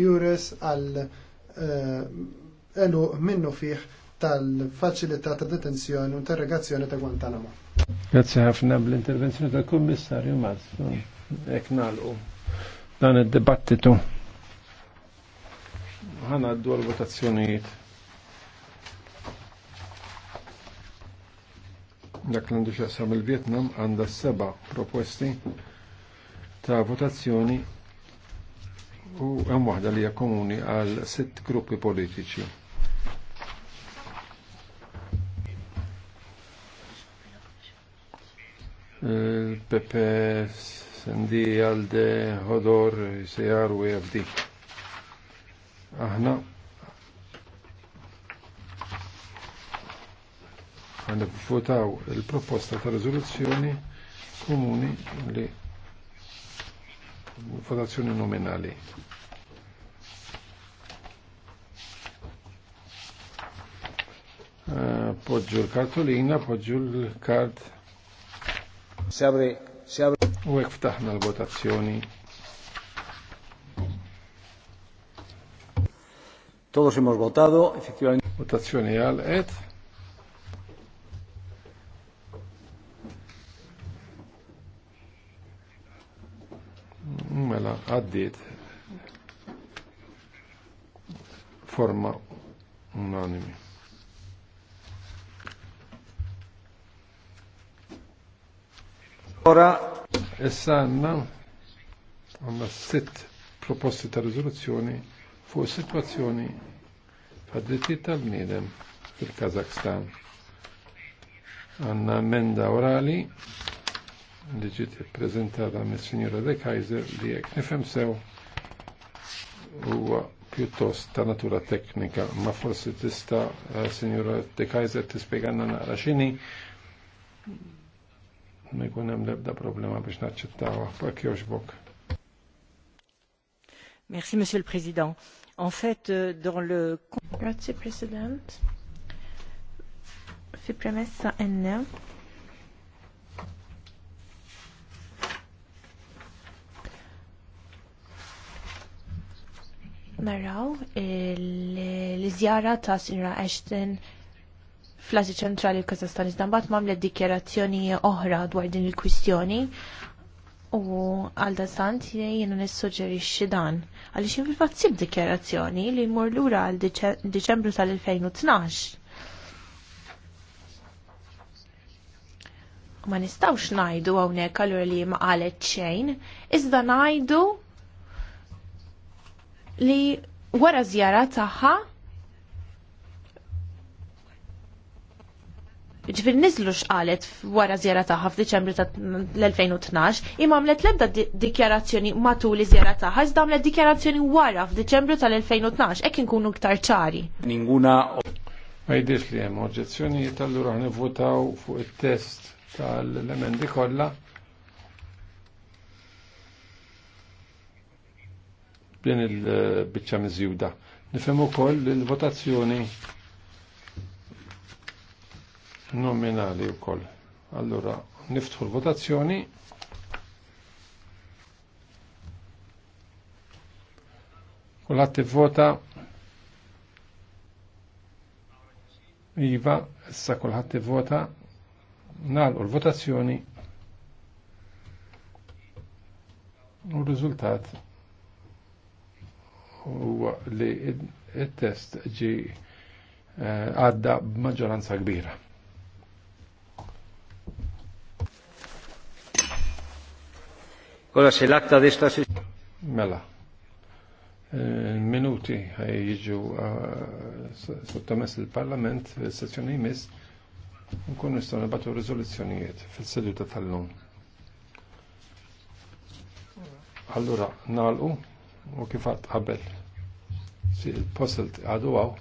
jures għal eh, elu minnu fiħ tal-faċilità ta' detenzjoni u interrogazzjoni ta' Guantanamo. Grazie ħafna bl-intervenzjoni tal-Kummissarju Mazzu. Ek nalqu dan id-dibattitu. Għana għaddu għal-votazzjonijiet. Dak l-għandu xaqsam il-Vietnam għanda seba proposti ta' votazzjoni u hemm waħda li hija komuni għal sitt gruppi politiċi. Pepe Sendi Alde Hodor Sejar u e FD. Aħna għanna votaw il-proposta ta' rezoluzzjoni komuni li votazzjoni nominali. il eh, cartolina, kartolina il card. Si apre, si apre. għek ftaħna l-votazzjoni. Todos hemos votado, efectivamente. Votazzjoni għal-et. tagħna għaddit forma unanimi. Ora Essa għanna għandna sitt proposti ta' rizoluzzjoni fuq situazzjoni fad tal-bniedem fil-Kazakstan. Għanna emenda orali li ġiet ippreżentata mis-Sinjura De Kaiser li jekk nifhem sew huwa pjuttost ta' natura teknika, ma forsi tista' eh, Sinjura De Kaiser tispjegana naqra x'inhi ma jkun hemm l-ebda problema biex naċċettawha b'hekk jogħġbok. Merci, Monsieur le Président. En fait, euh, dans le... Merci, Président. Fi premessa N, naraw l-izjara ta' Sinra Ashton fl-Asi ċentrali l-Kazastan iżdambat mamlet dikjerazzjoni oħra dwar din il-kwistjoni u għal sant jiena nissuġġerixxi dan għaliex jien fil-fatt sib dikjerazzjoni li mmur lura għal Diċembru tal-2012. Ma nistawx ngħidu hawnhekk allura li ma qalet xejn, iżda ngħidu li wara żjara tagħha ġifir nizlu xqalet wara zjara taħħa f'Diċembru ta' l-2012, imma għamlet lebda dikjarazzjoni matul li żjara taħħa, iżda għamlet dikjarazzjoni wara f'Diċembru tal-2012, ekk inkunu ktar ċari. Ninguna. Ma jidix li hemm oġġezzjonijiet allura ħnivvutaw fuq it-test tal-emendi kollha b'din il-bicċa miżjuda. Nifhem ukoll il-votazzjoni nominali wkoll. Allora niftħu l-votazzjoni. Kulħadd vota. Iva, issa kulħadd ivvota nagħlqu l-votazzjoni u r-riżultat huwa li il-test ġi eh, għadda b'maġġoranza kbira. Kola se l-atta di stasi. Mela. Eh, minuti għaj jġu eh, sottomess il-parlament fil-sezzjoni jmiss nkun nistan nibatu riżoluzzjonijiet fil-seduta tal-lum. Allora, nalqu u kifat qabel. Si il-postel għadu għaw